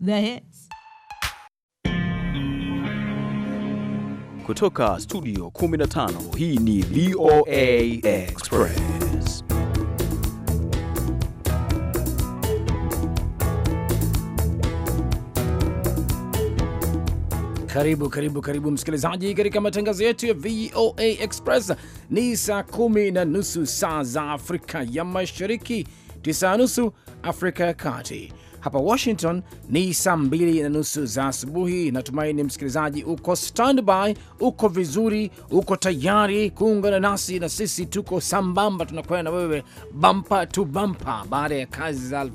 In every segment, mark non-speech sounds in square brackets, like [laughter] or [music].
the hits. Kutoka studio 15 hii ni VOA Express. Karibu karibu karibu msikilizaji, katika matangazo yetu ya VOA Express. Ni saa kumi na nusu saa za Afrika ya Mashariki, tisa nusu Afrika ya Kati hapa Washington ni saa mbili na nusu za asubuhi. Natumaini msikilizaji uko standby, uko vizuri, uko tayari kuungana nasi, na sisi tuko sambamba, tunakwenda na wewe bampa tu bampa baada ya kazi za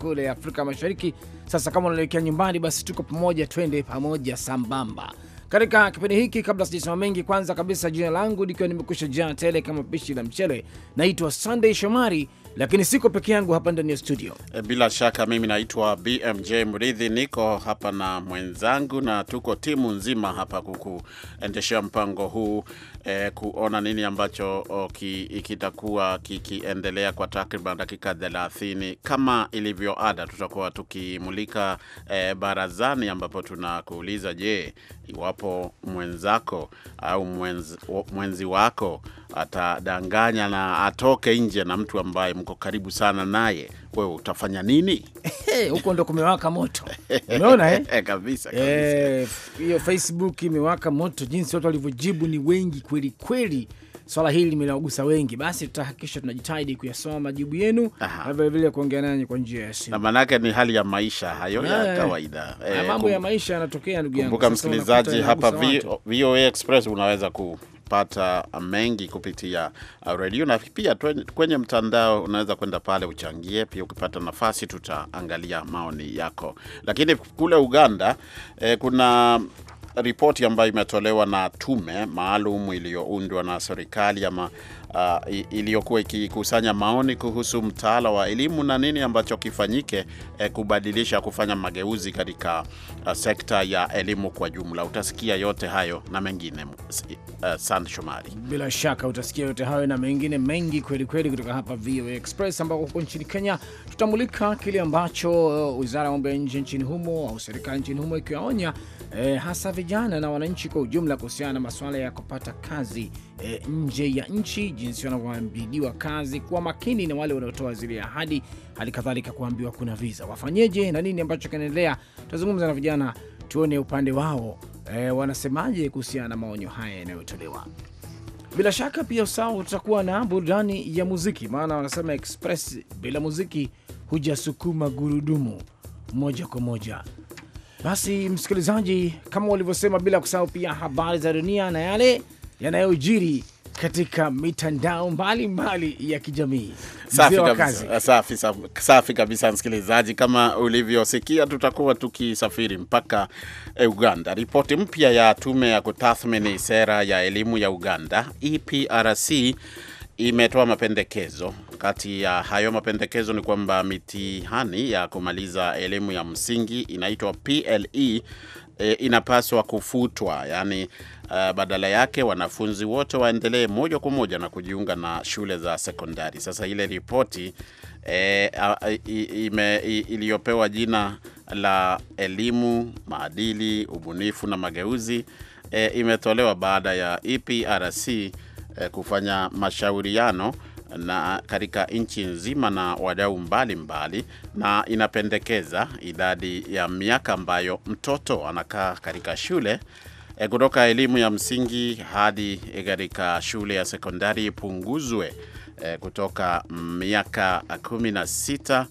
kule Afrika Mashariki. Sasa kama unaelekea nyumbani, basi tuko pamoja, twende pamoja sambamba katika kipindi hiki. Kabla sijasema mengi, kwanza kabisa, jina langu likiwa nimekusha jaa tele kama pishi la mchele, naitwa Sunday Shomari lakini siko peke yangu hapa ndani ya studio. Eh, bila shaka mimi naitwa BMJ Mridhi, niko hapa na mwenzangu na tuko timu nzima hapa kukuendeshea mpango huu eh, kuona nini ambacho kitakuwa kikiendelea kwa takriban dakika 30 kama ilivyo ada. Tutakuwa tukimulika eh, barazani, ambapo tunakuuliza je, iwapo mwenzako au mwenzi, mwenzi wako atadanganya na atoke nje na mtu ambaye mko karibu sana naye, wewe utafanya nini? Huko ndo kumewaka moto, [laughs] umeona eh? eh kabisa eh, kabisa, hiyo e, Facebook imewaka moto, jinsi watu walivyojibu ni wengi kweli kweli swala hili limewagusa wengi, basi tutahakikisha tunajitahidi kuyasoma majibu yenu na vilevile kuongea nanyi kwa njia ya simu, na maanake ni hali ya maisha hayo ya eh, kawaida yeah. mambo kum... ya maisha yanatokea, ndugu yangu. Kumbuka msikilizaji, hapa VOA Express unaweza ku pata mengi kupitia uh, redio na pia kwenye mtandao, unaweza kwenda pale uchangie pia. Ukipata nafasi, tutaangalia maoni yako. Lakini kule Uganda eh, kuna ripoti ambayo imetolewa na tume maalum iliyoundwa na serikali ama uh, iliyokuwa ikikusanya maoni kuhusu mtaala wa elimu na nini ambacho kifanyike eh, kubadilisha kufanya mageuzi katika uh, sekta ya elimu kwa jumla. Utasikia yote hayo na mengine uh, San Shomari, bila shaka utasikia yote hayo na mengine mengi kweli kweli kutoka hapa VOA Express, ambako huko nchini Kenya tutamulika kile ambacho uh, wizara uh, ya mambo ya nje nchini humo au serikali nchini humo ikiwaonya e, hasa vijana na wananchi kwa ujumla kuhusiana na masuala ya kupata kazi e, nje ya nchi, jinsi wanavyoambidiwa kazi, kuwa makini na wale wanaotoa zile ahadi, hali kadhalika kuambiwa kuna viza wafanyeje na nini ambacho kinaendelea. Tutazungumza na vijana tuone upande wao e, wanasemaje kuhusiana na maonyo haya yanayotolewa. Bila shaka pia usawa, tutakuwa na burudani ya muziki, maana wanasema express bila muziki hujasukuma gurudumu moja kwa moja. Basi msikilizaji, kama ulivyosema, bila kusahau pia habari za dunia na yale yanayojiri katika mitandao mbalimbali ya kijamii. Safi kabisa, safi, safi kabisa msikilizaji, kama ulivyosikia, tutakuwa tukisafiri mpaka eh, Uganda. Ripoti mpya ya tume ya kutathmini sera ya elimu ya Uganda EPRC imetoa mapendekezo. Kati ya hayo mapendekezo ni kwamba mitihani ya kumaliza elimu ya msingi inaitwa PLE e, inapaswa kufutwa, yaani uh, badala yake wanafunzi wote waendelee moja kwa moja na kujiunga na shule za sekondari. Sasa ile ripoti e, iliyopewa jina la elimu, maadili, ubunifu na mageuzi e, imetolewa baada ya EPRC Eh, kufanya mashauriano na katika nchi nzima na wadau mbalimbali, na inapendekeza idadi ya miaka ambayo mtoto anakaa katika shule eh, kutoka elimu ya msingi hadi eh, katika shule ya sekondari ipunguzwe kutoka miaka 16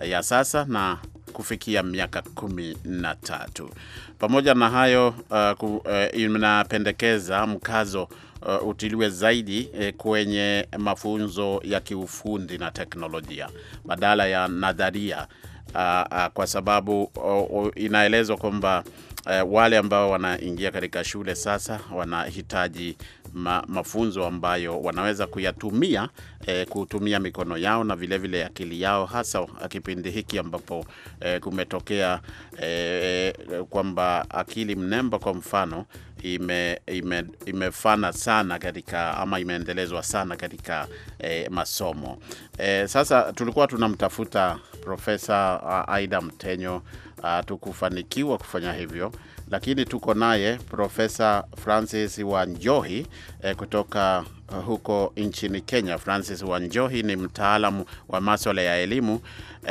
ya sasa na kufikia miaka kumi na tatu. Pamoja na hayo, uh, inapendekeza mkazo uh, utiliwe zaidi eh, kwenye mafunzo ya kiufundi na teknolojia badala ya nadharia uh, uh, kwa sababu uh, uh, inaelezwa kwamba eh, wale ambao wanaingia katika shule sasa wanahitaji ma, mafunzo ambayo wanaweza kuyatumia eh, kutumia mikono yao na vilevile vile akili yao, hasa kipindi hiki ambapo eh, kumetokea eh, kwamba akili mnemba kwa mfano ime, ime, imefana sana katika ama imeendelezwa sana katika eh, masomo eh. Sasa tulikuwa tunamtafuta Profesa Aida Mtenyo hatukufanikiwa ah, kufanya hivyo, lakini tuko naye Profesa Francis Wanjohi eh, kutoka eh, huko nchini Kenya. Francis Wanjohi ni mtaalamu wa maswala ya elimu.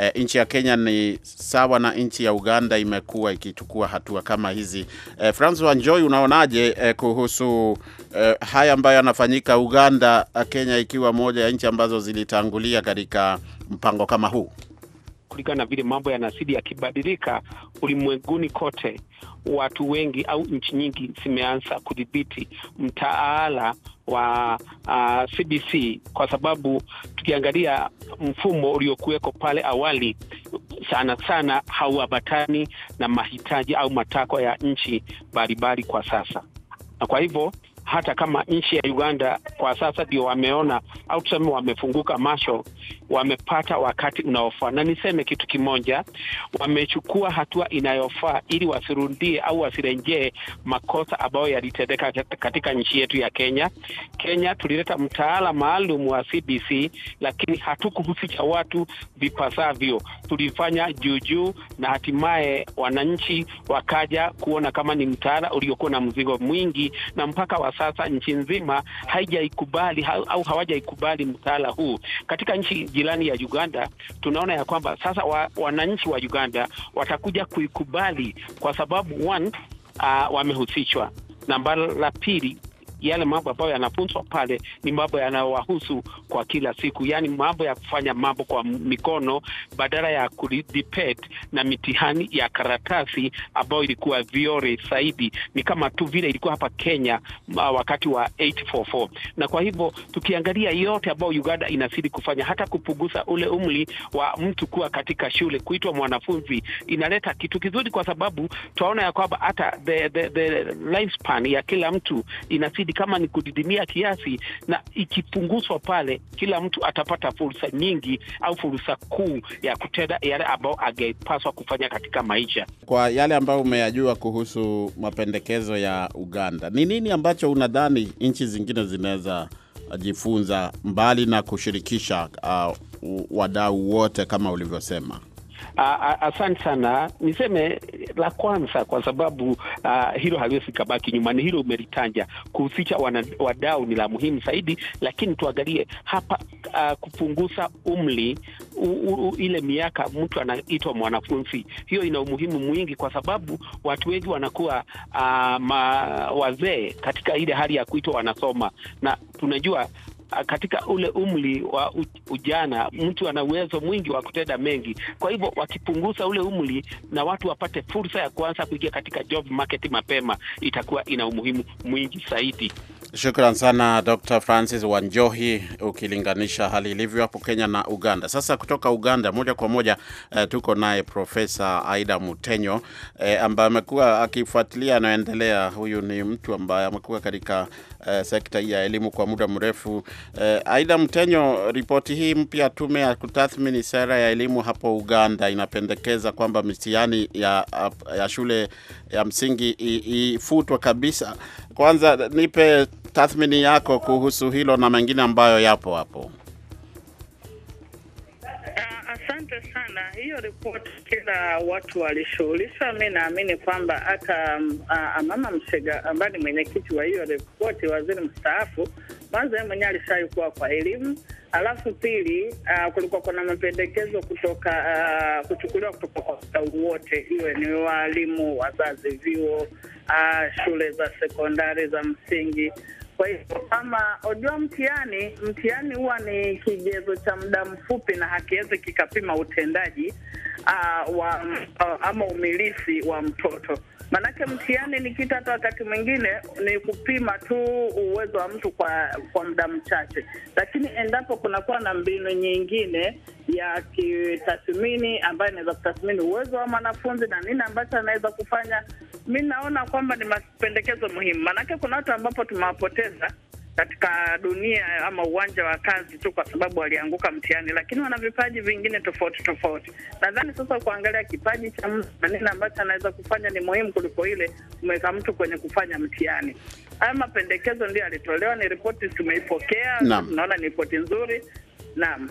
E, nchi ya Kenya ni sawa na nchi ya Uganda, imekuwa ikichukua hatua kama hizi. E, Francis Wanjohi, unaonaje e, kuhusu e, haya ambayo yanafanyika Uganda, Kenya ikiwa moja ya nchi ambazo zilitangulia katika mpango kama huu? kulingana na vile mambo yanazidi yakibadilika ulimwenguni kote, watu wengi au nchi nyingi zimeanza kudhibiti mtaala wa uh, CBC kwa sababu tukiangalia mfumo uliokuweko pale awali, sana sana hauambatani na mahitaji au matakwa ya nchi mbalimbali kwa sasa, na kwa hivyo hata kama nchi ya Uganda kwa sasa ndio wameona au tuseme wamefunguka macho, wamepata wakati unaofaa. Na niseme kitu kimoja, wamechukua hatua inayofaa ili wasirudie au wasirejee makosa ambayo yalitendeka katika nchi yetu ya Kenya. Kenya tulileta mtaala maalum wa CBC, lakini hatukuhusisha watu vipasavyo. Tulifanya juujuu, na hatimaye wananchi wakaja kuona kama ni mtaala uliokuwa na mzigo mwingi, na mpaka wa sasa nchi nzima haijaikubali ha, au hawajaikubali mtaala huu. Katika nchi jirani ya Uganda tunaona ya kwamba sasa wa, wananchi wa Uganda watakuja kuikubali kwa sababu one, uh, wamehusishwa. Namba la pili yale mambo ambayo yanafunzwa pale ni mambo yanayowahusu kwa kila siku, yaani mambo ya kufanya mambo kwa mikono badala ya ku na mitihani ya karatasi ambayo ilikuwa viore zaidi, ni kama tu vile ilikuwa hapa Kenya wakati wa 844. Na kwa hivyo tukiangalia yote ambayo Uganda inazidi kufanya, hata kupunguza ule umri wa mtu kuwa katika shule kuitwa mwanafunzi, inaleta kitu kizuri, kwa sababu twaona ya kwamba hata the, the, the lifespan ya kila mtu inazidi zaidi kama ni kudidimia kiasi, na ikipunguzwa pale, kila mtu atapata fursa nyingi au fursa kuu ya kutenda yale ambayo angepaswa kufanya katika maisha. Kwa yale ambayo umeyajua kuhusu mapendekezo ya Uganda, ni nini ambacho unadhani nchi zingine zinaweza jifunza mbali na kushirikisha uh, wadau wote kama ulivyosema? Asante sana, niseme la kwanza, kwa sababu a, hilo haliwezi kabaki nyuma, ni hilo umelitanja kuhusisha wadau ni la muhimu zaidi, lakini tuangalie hapa a, kupunguza umri u, u, ile miaka mtu anaitwa mwanafunzi, hiyo ina umuhimu mwingi, kwa sababu watu wengi wanakuwa wazee katika ile hali ya kuitwa wanasoma, na tunajua katika ule umri wa ujana mtu ana uwezo mwingi wa kutenda mengi. Kwa hivyo wakipunguza ule umri na watu wapate fursa ya kuanza kuingia katika job market mapema, itakuwa ina umuhimu mwingi zaidi. Shukran sana Dr Francis Wanjohi, ukilinganisha hali ilivyo hapo Kenya na Uganda. Sasa kutoka Uganda moja kwa moja eh, tuko naye Profesa Aida Mutenyo eh, ambaye amekuwa akifuatilia anayoendelea. Huyu ni mtu ambaye amekuwa katika eh, sekta ya elimu kwa muda mrefu. Eh, Aida Mutenyo, ripoti hii mpya tume ya kutathmini sera ya elimu hapo Uganda inapendekeza kwamba mitihani ya, ya shule ya msingi ifutwe kabisa. Kwanza nipe tathmini yako kuhusu hilo na mengine ambayo yapo hapo? Ah, asante sana. Hiyo ripoti kila watu walishughulishwa. Mi naamini kwamba hata mm, ah, ah, Mama Msega ambaye ni mwenyekiti wa hiyo ripoti, waziri mstaafu, kwanza yeye mwenyewe alishaikuwa kuwa kwa elimu, alafu pili, uh, kulikuwa kuna mapendekezo kutoka uh, kuchukuliwa kutoka kwa wadau wote, iwe ni waalimu, wazazi, vyuo, uh, shule za sekondari za msingi kwa hivyo kama ojua, mtihani mtihani huwa ni kigezo cha muda mfupi na hakiwezi kikapima utendaji uh, wa, uh, ama umilisi wa mtoto Manake mtihani ni kitu, hata wakati mwingine ni kupima tu uwezo wa mtu kwa kwa muda mchache, lakini endapo kunakuwa na mbinu nyingine ya kitathmini ambayo inaweza kutathmini uwezo wa mwanafunzi na nini ambacho anaweza kufanya, mi naona kwamba ni mapendekezo muhimu, maanake kuna watu ambapo tumewapoteza katika dunia ama uwanja wa kazi tu kwa sababu walianguka mtihani, lakini wana vipaji vingine tofauti tofauti. Nadhani sasa kuangalia kipaji cha mtu na nini ambacho anaweza kufanya ni muhimu kuliko ile umeweka mtu kwenye kufanya mtihani. Haya mapendekezo ndio yalitolewa, ni ripoti tumeipokea, tunaona ni ripoti nzuri. Naam.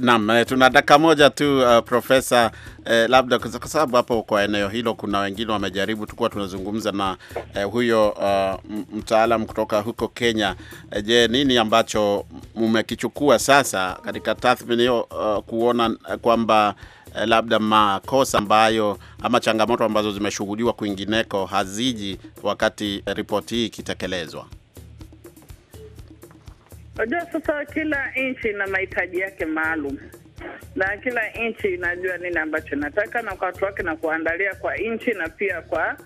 Naam, eh, tuna dakika moja tu uh, profesa eh, labda kwa sababu hapo kwa eneo hilo kuna wengine wamejaribu, tukuwa tunazungumza na eh, huyo uh, mtaalam kutoka huko Kenya. Eh, je, nini ambacho mmekichukua sasa katika tathmini hiyo uh, kuona kwamba eh, labda makosa ambayo ama changamoto ambazo zimeshuhudiwa kwingineko haziji wakati ripoti hii ikitekelezwa? Unajua, sasa kila nchi ina mahitaji yake maalum na kila nchi inajua nini ambacho inataka na kwa watu wake na kuandalia kwa nchi na pia kwa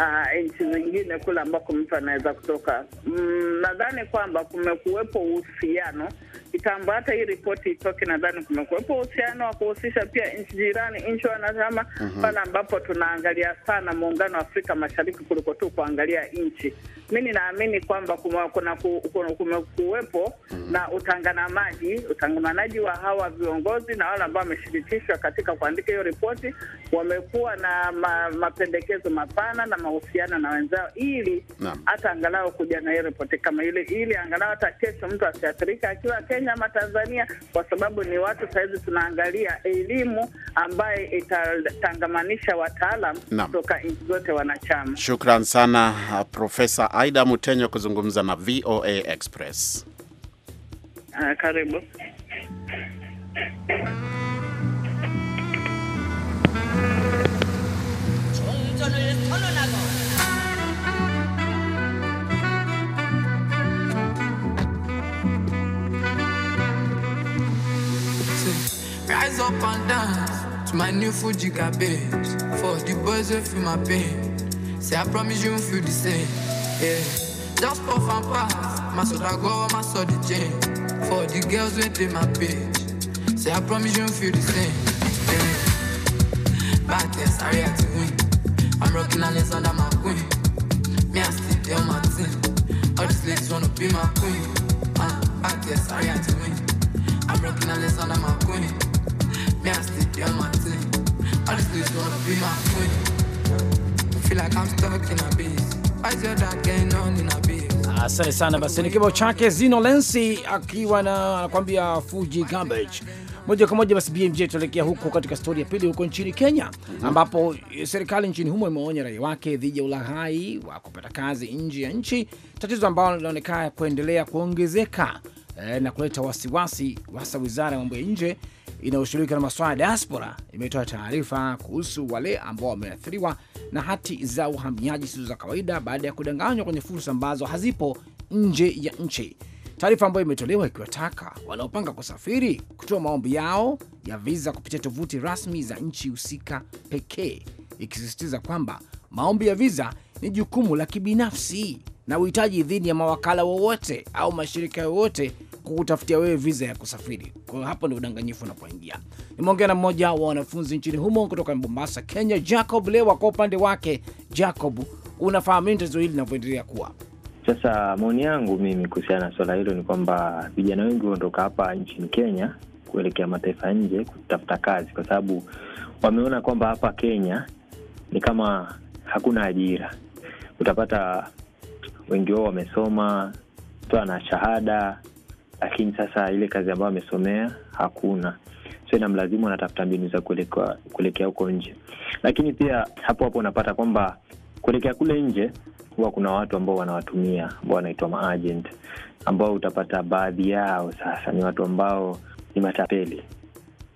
uh, nchi zingine kule ambako mtu anaweza kutoka. Mm, nadhani kwamba kumekuwepo uhusiano kitambo, hata hii ripoti itoke, nadhani kumekuwepo uhusiano wa kuhusisha pia nchi jirani, nchi wanachama mhm. pale mm -hmm. ambapo tunaangalia sana muungano wa Afrika Mashariki kuliko tu kuangalia nchi. Mi ninaamini kwamba kumekuwepo mm -hmm. na utangamanaji, utangamanaji wa hawa viongozi na wale ambao wameshirikishwa katika kuandika hiyo ripoti, wamekuwa na ma, mapendekezo mapana na mahusiano na wenzao, ili hata angalau kuja na hiyo ripoti kama ile, ili angalau hata kesho mtu asiathirika akiwa Kenya Kenya ama Tanzania, kwa sababu ni watu sahizi tunaangalia elimu ambaye itatangamanisha wataalam kutoka nchi zote wanachama. Shukran sana uh, Profesa Aida Mutenyo kuzungumza na VOA Express. Uh, karibu. rise up and dance to my new Fuji cabbage. For the boys who feel my pain. Say, I promise you won't feel the same. Yeah. Just puff and pass. My soda go, my soda change For the girls waiting my page. Say, I promise you won't feel the same. Yeah. Back there, sorry, I to win. I'm rocking a lace under my queen. Me, I still there my team. All these ladies wanna be my queen. Uh, ah, back there, sorry, I to win. I'm rocking a lace under my queen. Asante sana. Basi ni kibao chake Zino Lensi akiwa na anakuambia Fuji Garbage. Moja kwa moja basi, BMJ tuelekea huko katika stori ya pili, huko nchini Kenya mhm. ambapo serikali nchini humo imeonya raia wake dhidi ya ulaghai wa kupata kazi nje ya nchi, tatizo ambalo linaonekana kuendelea kuongezeka eh, na kuleta wasiwasi, hasa wizara ya mambo ya nje inayoshirika na masuala ya diaspora imetoa taarifa kuhusu wale ambao wameathiriwa na hati za uhamiaji sizo za kawaida baada ya kudanganywa kwenye fursa ambazo hazipo nje ya nchi. Taarifa ambayo imetolewa ikiwataka wanaopanga kusafiri kutoa maombi yao ya viza kupitia tovuti rasmi za nchi husika pekee, ikisisitiza kwamba maombi ya viza ni jukumu la kibinafsi na uhitaji idhini ya mawakala wowote au mashirika yoyote kukutafutia wewe viza ya kusafiri. Kwa hiyo hapo ndio udanganyifu unapoingia. Nimeongea na mmoja wa wanafunzi nchini humo kutoka Mombasa, Kenya, Jacob Lewa. Kwa upande wake, Jacob, unafahamu nini tatizo hili linavyoendelea kuwa sasa? Maoni yangu mimi kuhusiana na swala hilo ni kwamba vijana wengi huondoka hapa nchini Kenya kuelekea mataifa nje kutafuta kazi, kwa sababu wameona kwamba hapa Kenya ni kama hakuna ajira utapata wengi wao wamesoma toa na shahada, lakini sasa ile kazi ambayo amesomea hakuna, so ina mlazimu anatafuta mbinu za kuelekea huko nje. Lakini pia hapo hapo unapata kwamba kuelekea kule nje huwa kuna watu ambao wanawatumia ambao wanaitwa maagent, ambao utapata baadhi yao sasa ni watu ambao ni matapeli.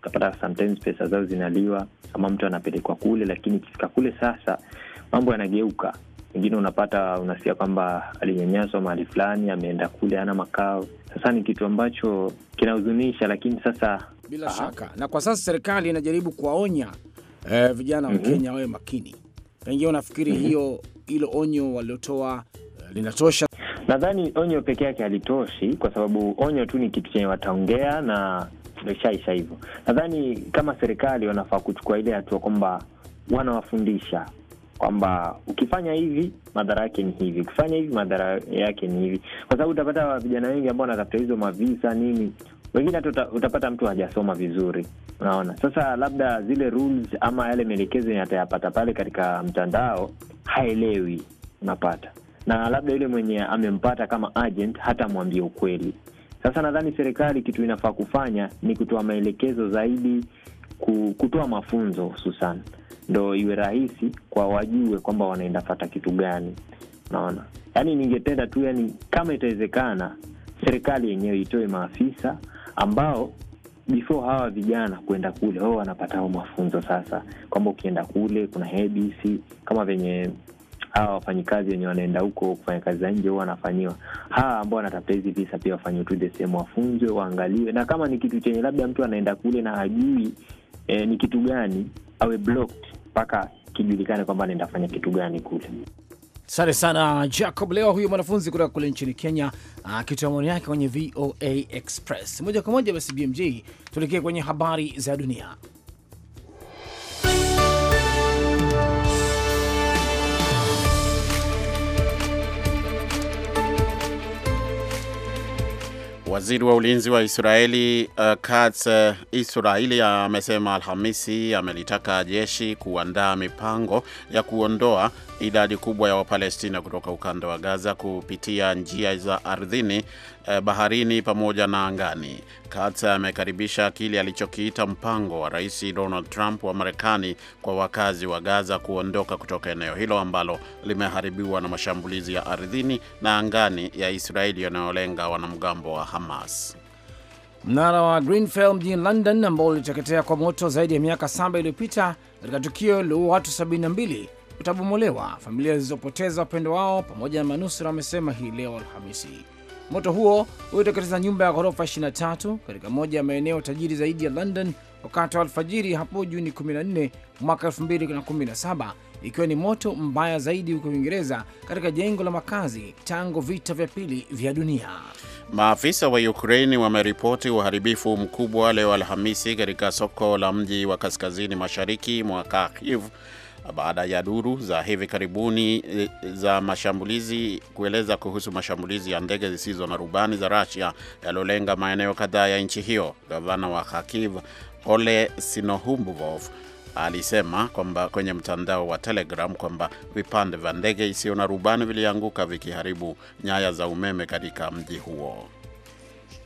Utapata sometimes pesa zao zinaliwa, ama mtu anapelekwa kule, lakini ikifika kule sasa mambo yanageuka wengine unapata unasikia kwamba alinyanyaswa mahali fulani, ameenda kule, ana makao. Sasa ni kitu ambacho kinahuzunisha, lakini sasa bila aha, shaka na kwa sasa serikali inajaribu kuwaonya eh, vijana wa mm -hmm. Kenya wawe makini. Pengine unafikiri mm -hmm. hiyo hilo onyo waliotoa eh, linatosha? Nadhani onyo peke yake halitoshi, kwa sababu onyo tu ni kitu chenye wataongea na ishaisha hivyo. Nadhani kama serikali wanafaa kuchukua ile hatua kwamba wanawafundisha kwamba ukifanya hivi madhara yake ni hivi, ukifanya hivi madhara yake ni hivi, kwa sababu utapata vijana wengi ambao wanatafuta hizo mavisa nini wengine hata utapata mtu hajasoma vizuri, unaona. Sasa labda zile rules ama yale maelekezo atayapata pale katika mtandao haelewi, unapata na labda yule mwenye amempata kama agent hata mwambie ukweli. Sasa nadhani serikali kitu inafaa kufanya ni kutoa maelekezo zaidi, kutoa mafunzo hususan ndo iwe rahisi kwa wajue kwamba wanaenda fata kitu gani. Naona yani, ningependa tu yani, kama itawezekana, serikali yenyewe itoe maafisa ambao before hawa vijana kuenda kule wao wanapata hao mafunzo sasa, kwamba ukienda kule kuna ABC kama venye hawa wafanyikazi wenye wanaenda huko kufanya kazi za nje huo wanafanyiwa. Hawa ambao wanatafuta hizi visa pia wafanyiwe tu sehemu wafunzwe, waangaliwe, na kama ni kitu chenye labda mtu anaenda kule na hajui eh, ni kitu gani awe blocked mpaka kijulikane kwamba nitafanya kitu gani kule. Asante sana Jacob. Leo huyo mwanafunzi kutoka kule nchini Kenya akitoa maoni yake kwenye VOA Express moja kwa moja. Basi BMJ, tuelekee kwenye habari za dunia. Waziri wa ulinzi wa Israeli uh, Katz uh, Israeli amesema Alhamisi amelitaka jeshi kuandaa mipango ya kuondoa idadi kubwa ya Wapalestina kutoka ukanda wa Gaza kupitia njia za ardhini Eh, baharini pamoja na angani. Kata amekaribisha kile alichokiita mpango wa Rais Donald Trump wa Marekani kwa wakazi wa Gaza kuondoka kutoka eneo hilo ambalo limeharibiwa na mashambulizi ya ardhini na angani ya Israeli yanayolenga wanamgambo wa Hamas. Mnara wa Grenfell mjini London ambao uliteketea kwa moto zaidi ya miaka saba iliyopita katika tukio liliua watu 72 utabomolewa. Familia zilizopoteza wapendo wao pamoja na manusura wamesema hii leo Alhamisi. Moto huo uliteketeza nyumba ya ghorofa 23 katika moja ya maeneo tajiri zaidi ya London wakati wa alfajiri hapo Juni 14 mwaka 2017, ikiwa ni moto mbaya zaidi huko Uingereza katika jengo la makazi tangu vita vya pili vya dunia. Maafisa wa Ukraini wameripoti uharibifu mkubwa leo Alhamisi katika soko la mji wa kaskazini mashariki mwa Kharkiv baada ya duru za hivi karibuni eh, za mashambulizi kueleza kuhusu mashambulizi ya ndege zisizo na rubani za Russia yaliyolenga maeneo kadhaa ya nchi hiyo. Gavana wa Kharkiv Ole Sinohubov alisema kwamba kwenye mtandao wa Telegram kwamba vipande vya ndege isiyo na rubani vilianguka vikiharibu nyaya za umeme katika mji huo.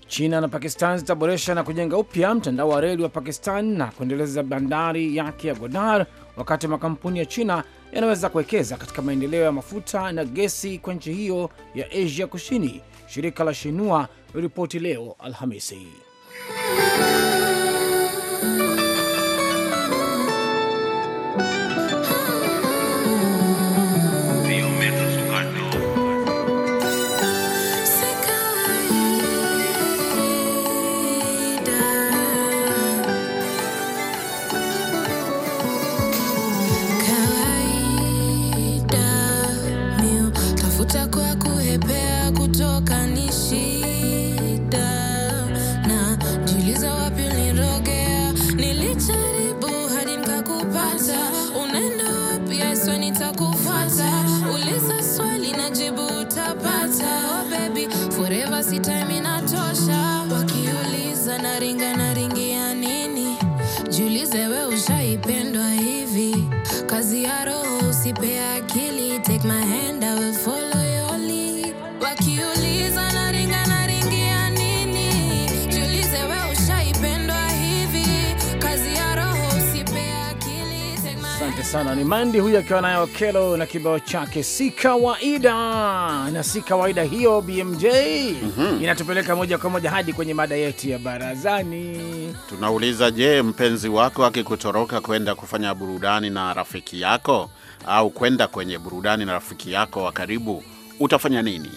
China na Pakistan zitaboresha na kujenga upya mtandao wa reli wa Pakistan na kuendeleza bandari yake ya Godar wakati makampuni ya China yanaweza kuwekeza katika maendeleo ya mafuta na gesi kwa nchi hiyo ya Asia Kusini, shirika la Shinua ripoti leo Alhamisi. Mshindi huyu akiwa nayo Kelo na kibao chake si kawaida, na si kawaida hiyo BMJ. mm -hmm. Inatupeleka moja kwa moja hadi kwenye mada yetu ya barazani. Tunauliza, je, mpenzi wako akikutoroka kwenda kufanya burudani na rafiki yako au kwenda kwenye burudani na rafiki yako wa karibu, utafanya nini?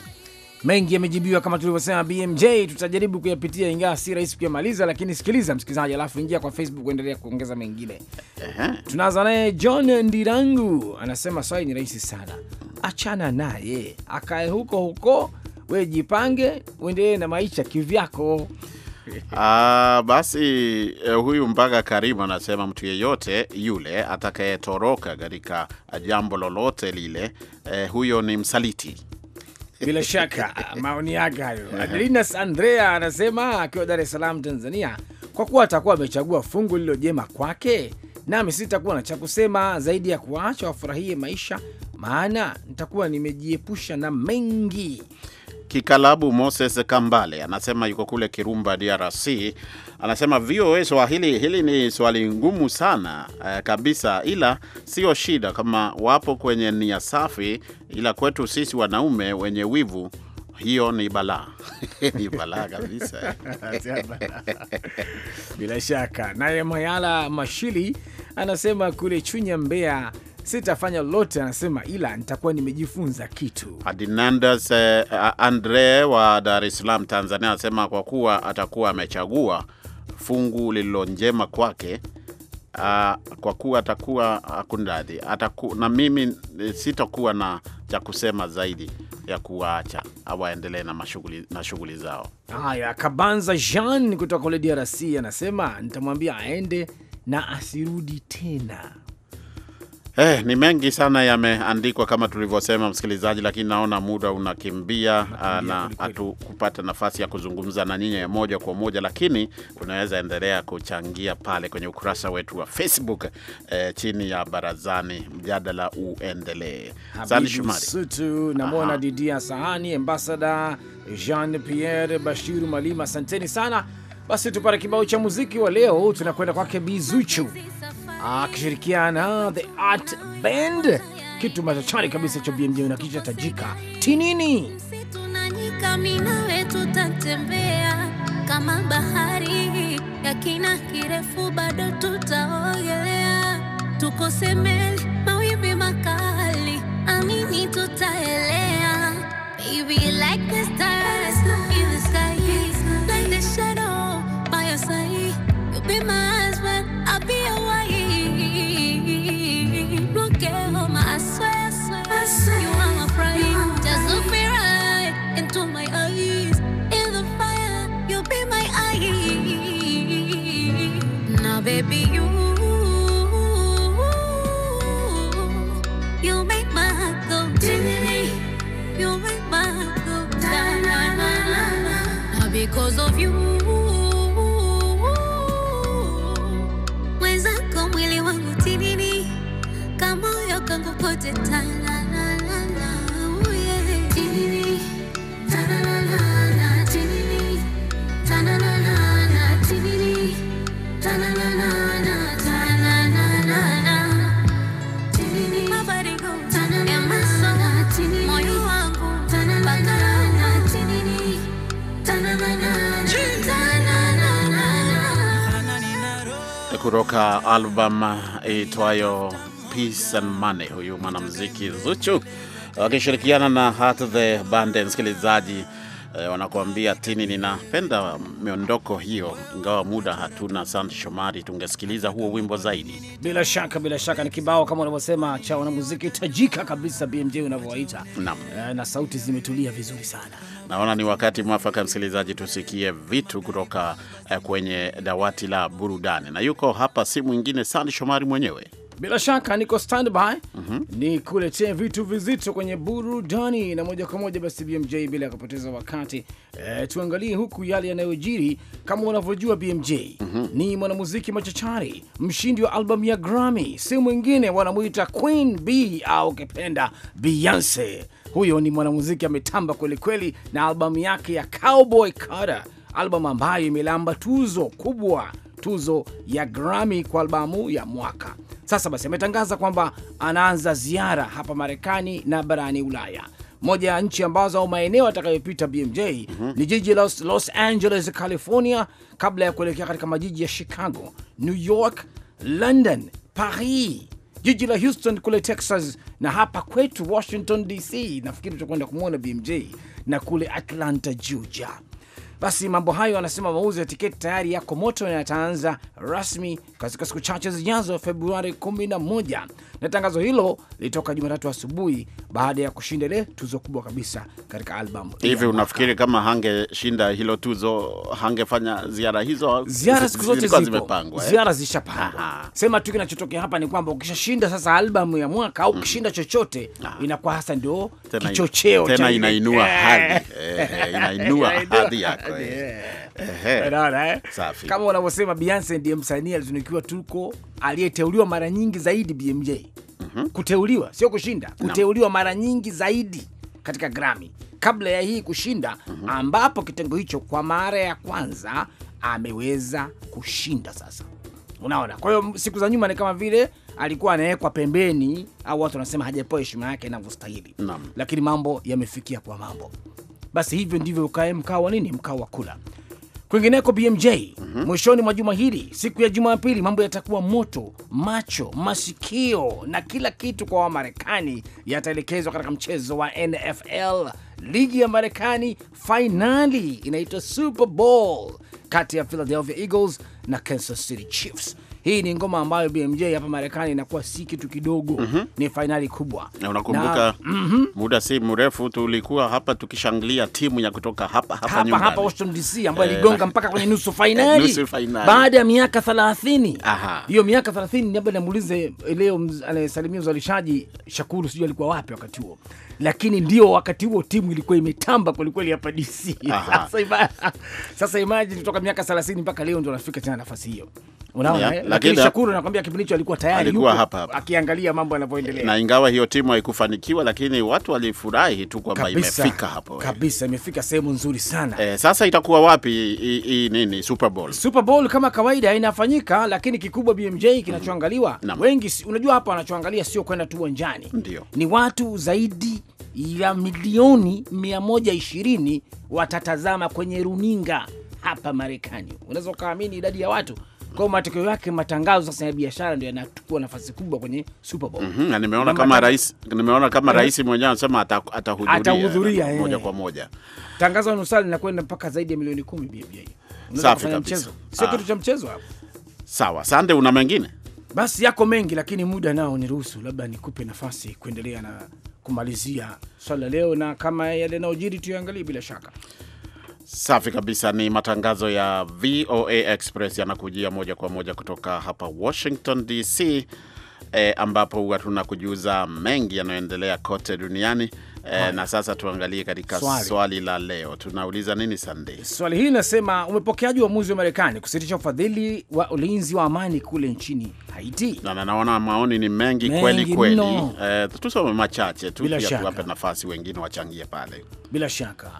mengi yamejibiwa kama tulivyosema, BMJ tutajaribu kuyapitia, ingawa si rahisi kuyamaliza, lakini sikiliza msikilizaji, alafu ingia kwa Facebook kuendelea kuongeza mengine. Tunaanza naye John Ndirangu anasema swali ni rahisi sana, achana naye akae huko huko, we jipange, uendelee na maisha kivyako. [laughs] Ah, basi eh, huyu mpaka karibu anasema mtu yeyote yule atakayetoroka katika jambo lolote lile, eh, huyo ni msaliti bila shaka [laughs] maoni yake hayo. adlinas Andrea anasema akiwa Dar es Salaam, Tanzania, kwa kuwa atakuwa amechagua fungu lililo jema kwake, nami sitakuwa na cha kusema zaidi ya kuwaacha wafurahie maisha, maana nitakuwa nimejiepusha na mengi. Kikalabu Moses Kambale anasema yuko kule Kirumba, DRC. Anasema VOA Swahili, hili ni swali ngumu sana eh, kabisa, ila sio shida kama wapo kwenye nia safi, ila kwetu sisi wanaume wenye wivu hiyo ni balaa [laughs] ni balaa kabisa [laughs] bila shaka. Naye Mayala Mashili anasema kule Chunya, Mbeya, sitafanya lolote, anasema, ila nitakuwa nimejifunza kitu. Adinandas eh, Andre wa Dar es Salaam, Tanzania, anasema kwa kuwa atakuwa amechagua fungu lililo njema kwake Uh, kwa kuwa atakuwa akundadhi ataku, na mimi eh, sitakuwa na cha kusema zaidi ya kuwaacha awaendelee na mashughuli na shughuli zao. Haya, Kabanza Jean kutoka kule DRC anasema nitamwambia aende na asirudi tena. Eh, ni mengi sana yameandikwa kama tulivyosema, msikilizaji, lakini naona muda unakimbia ah, na hatukupata nafasi ya kuzungumza na nyinyi moja kwa moja, lakini unaweza endelea kuchangia pale kwenye ukurasa wetu wa Facebook eh, chini ya barazani, mjadala uendelee. Sutu namwona Didia Sahani, Ambassador Jean Pierre Bashiru Malima, asanteni sana. Basi tupate kibao cha muziki wa leo, tunakwenda kwake Bizuchu akishirikiana The Art Band, kitu machachari kabisa cha BMJ na kicha tajika tinini mina tutatembea kama bahari ya kina kirefu, bado tutaogelea, tukosemeli mawimbi makali, amini tutaelea mwenzako mwili wangu tinini, kamoyo kangu pote tala kutoka album itwayo Peace and Money, huyu mwanamuziki Zuchu wakishirikiana na Heart the Band. Msikilizaji eh, wanakuambia tini, ninapenda miondoko hiyo, ingawa muda hatuna. sante Shomari, tungesikiliza huo wimbo zaidi. Bila shaka, bila shaka ni kibao kama unavyosema cha wanamuziki tajika kabisa, BMJ unavyowaita, na, eh, na sauti zimetulia vizuri sana. Naona ni wakati mwafaka, msikilizaji, tusikie vitu kutoka eh, kwenye dawati la burudani, na yuko hapa si mwingine Sandi Shomari mwenyewe. Bila shaka niko standby mm -hmm. ni kuletee vitu vizito kwenye burudani na moja kwa moja. Basi BMJ, bila ya kupoteza wakati e, tuangalie huku yale yanayojiri. Kama unavyojua BMJ mm -hmm. ni mwanamuziki machachari, mshindi wa albamu ya Grammy, si mwingine, wanamwita Queen B au kipenda Beyonce. Huyo ni mwanamuziki ametamba kwelikweli na albamu yake ya Cowboy Carter, albamu ambayo imelamba tuzo kubwa tuzo ya Grammy kwa albamu ya mwaka. Sasa basi, ametangaza kwamba anaanza ziara hapa Marekani na barani Ulaya. Moja ya nchi ambazo au maeneo atakayopita BMJ mm -hmm. ni jiji la Los, Angeles, California, kabla ya kuelekea katika majiji ya Chicago, New York, London, Paris, jiji la Houston kule Texas, na hapa kwetu Washington DC. Nafikiri tutakwenda kumwona BMJ na kule Atlanta, Georgia. Basi mambo hayo, anasema mauzo ya tiketi tayari yako moto na yataanza rasmi katika siku chache zijazo, Februari 11, na tangazo hilo lilitoka Jumatatu asubuhi baada ya kushinda ile tuzo kubwa kabisa katika albamu. Hivi unafikiri kama hangeshinda hilo tuzo hangefanya ziara hizo? Ziara siku zote zimepangwa, eh? ziara zishapangwa. Sema tu kinachotokea hapa ni kwamba ukishashinda sasa albamu ya mwaka au mm. ukishinda chochote, ah. inakuwa hasa ndio kichocheo tena, inainua eh. hali [laughs] inainua hadhi yako. Eh. Eh. Unaona, eh? safi. Kama unavyosema Beyonce ndiye msanii alizunikiwa tuko aliyeteuliwa mara nyingi zaidi BMJ. Mm -hmm. Kuteuliwa sio kushinda, kuteuliwa mara nyingi zaidi katika Grammy kabla ya hii kushinda, mm -hmm. ambapo kitengo hicho kwa mara ya kwanza ameweza kushinda sasa. Unaona, kwa hiyo siku za nyuma ni kama vile alikuwa anawekwa pembeni, au watu wanasema hajapewa heshima yake inavyostahili, lakini mambo yamefikia kwa mambo basi hivyo ndivyo ukae mkao wa nini, mkao wa kula. Kwingineko BMJ mm -hmm. Mwishoni mwa juma hili, siku ya Jumapili, mambo yatakuwa moto, macho, masikio na kila kitu kwa Wamarekani yataelekezwa katika mchezo wa NFL, ligi ya Marekani. Fainali inaitwa Super Bowl kati ya Philadelphia Eagles na Kansas City Chiefs hii ni ngoma ambayo BMJ hapa Marekani inakuwa si kitu kidogo mm -hmm. Ni fainali kubwa, na unakumbuka mm -hmm. muda si mrefu tulikuwa hapa tukishangilia timu ya kutoka hapa hapa hapa, nyumbani. hapa Washington DC ambayo eh. iligonga eh, mpaka kwenye nusu fainali [laughs] baada ya miaka 30. Aha. Hiyo miaka 30 labda namuulize leo anayesalimia eh, uzalishaji Shakuru, sijui alikuwa wapi wakati huo lakini ndio wakati huo timu ilikuwa imetamba kwelikweli hapa DC. [laughs] Sasa, ima, sasa imagine miaka 30 mpaka leo ndio anafika tena nafasi hiyo. Unaona, eh? Lakini Shakuru nakwambia kipindi hicho alikuwa tayari yuko hapa, akiangalia mambo yanavyoendelea. Na ingawa hiyo timu haikufanikiwa, lakini watu walifurahi tu kwamba imefika hapo. Eh. Kabisa, imefika sehemu nzuri sana. Eh, sasa itakuwa wapi hii nini Super Bowl? Super Bowl kama kawaida inafanyika, lakini kikubwa BMJ kinachoangaliwa mm -hmm. wengi, unajua hapa wanachoangalia sio kwenda tu uwanjani, ni watu zaidi ya milioni 120 watatazama kwenye runinga hapa Marekani. Unaweza ukaamini idadi ya watu kwa matokeo yake matangazo sasa ya biashara ndio yanachukua nafasi kubwa kwenye Super Bowl. Mm -hmm, na nimeona kama mata... rais nimeona kama eh? rais mwenyewe anasema atahudhuria atahudhuria ata moja eh. kwa moja. Tangazo nusu linakwenda mpaka zaidi ya milioni 10 BBI. Safi kabisa. Sio kitu ah. cha mchezo hapo. Sawa, Sande una mengine? Basi yako mengi, lakini muda nao niruhusu, labda nikupe nafasi kuendelea na kumalizia swala leo, na kama yale yanayojiri tuyaangalie bila shaka. Safi kabisa. Ni matangazo ya VOA Express yanakujia moja kwa moja kutoka hapa Washington DC, e, eh, ambapo huwa tunakujuza mengi yanayoendelea kote duniani E, na sasa tuangalie katika swali, swali la leo tunauliza nini Sunday? Swali hili linasema umepokeaji uamuzi wa Marekani kusitisha ufadhili wa ulinzi wa amani kule nchini Haiti. Na naona maoni ni mengi, mengi kweli kweli no. E, eh, tusome machache tu pia tuwape nafasi wengine wachangie pale. Bila shaka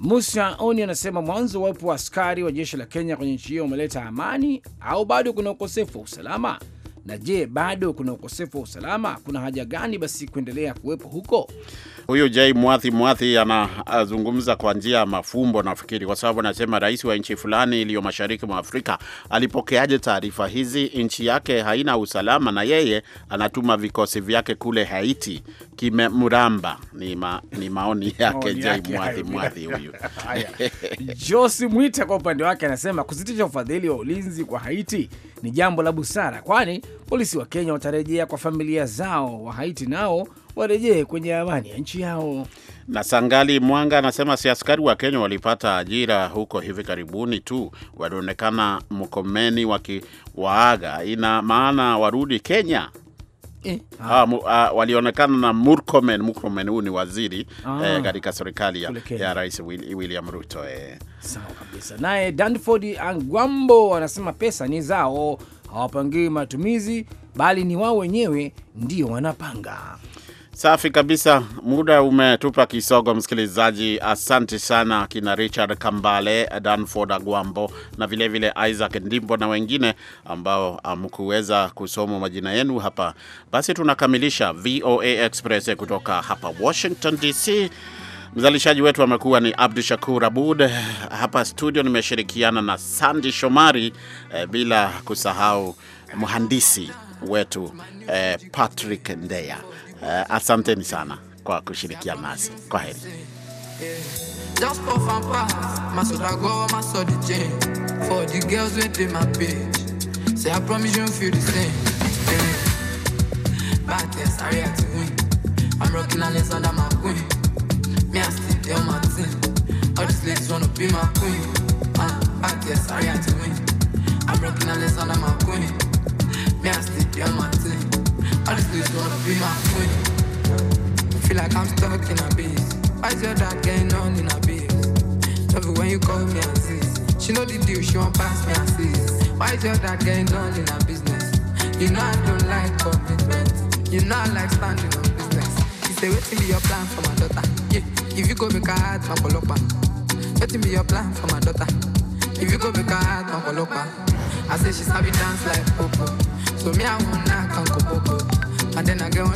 Musa Oni anasema mwanzo, wawepo wa askari wa jeshi la Kenya kwenye nchi hiyo umeleta amani au bado kuna ukosefu wa usalama? Na je, bado kuna ukosefu wa usalama? Kuna haja gani basi kuendelea kuwepo huko? Huyu j Mwathi Mwathi anazungumza kwa njia ya mafumbo, nafikiri, kwa sababu anasema rais wa nchi fulani iliyo mashariki mwa Afrika alipokeaje taarifa hizi? Nchi yake haina usalama na yeye anatuma vikosi vyake kule Haiti mramba. Ni, ma, ni maoni [laughs] yake Jay Mwathi Mwathi huyu. [laughs] Josi Mwita kwa upande wake anasema kusitisha ufadhili wa ulinzi kwa Haiti ni jambo la busara, kwani polisi wa Kenya watarejea kwa familia zao, wa Haiti nao warejee kwenye amani ya nchi yao. Na Sangali Mwanga anasema si askari wa Kenya walipata ajira huko hivi karibuni tu, walionekana Mkomeni wakiwaaga, ina maana warudi Kenya? eh. Ah, mu, ah, walionekana na Murkomen. Murkomen huu ni waziri katika ah, eh, serikali ya, ya Rais William Ruto eh. Sawa kabisa. Naye Danford Angwambo anasema pesa ni zao, hawapangii matumizi, bali ni wao wenyewe ndio wanapanga. Safi kabisa, muda umetupa kisogo, msikilizaji. Asante sana kina Richard Kambale, Danford Agwambo na vilevile vile Isaac Ndimbo na wengine ambao amkuweza ah, kusoma majina yenu hapa. Basi tunakamilisha VOA Express kutoka hapa Washington DC. Mzalishaji wetu amekuwa ni Abdu Shakur Abud. Hapa studio nimeshirikiana na Sandi Shomari eh, bila kusahau mhandisi wetu eh, Patrick Ndeya. uh, asanteni sana kwa kushirikia nasi. Kwa heri. Just for go, my For the girls my say I promise you feel the same. Eh, I react to win. I'm rocking all this under my queen. Me I still there my team. All wanna be my queen. Ah, I win. I'm this under my queen. I still my team. All this is gonna be my queen. I feel like I'm stuck in a Why is your that going on in a base. Love it when you call me and assist. She know the deal, she won't pass me and assist. Why is your that going on in a business? You know I don't like commitment. You know I like standing on business. You say, waiting be your plan for my daughter. Yeah, if you go make a heart, my polopa. Waiting be your plan for my daughter. If you go make a heart, my polopa. I say she's happy dance like popo. So me, I want to come to And then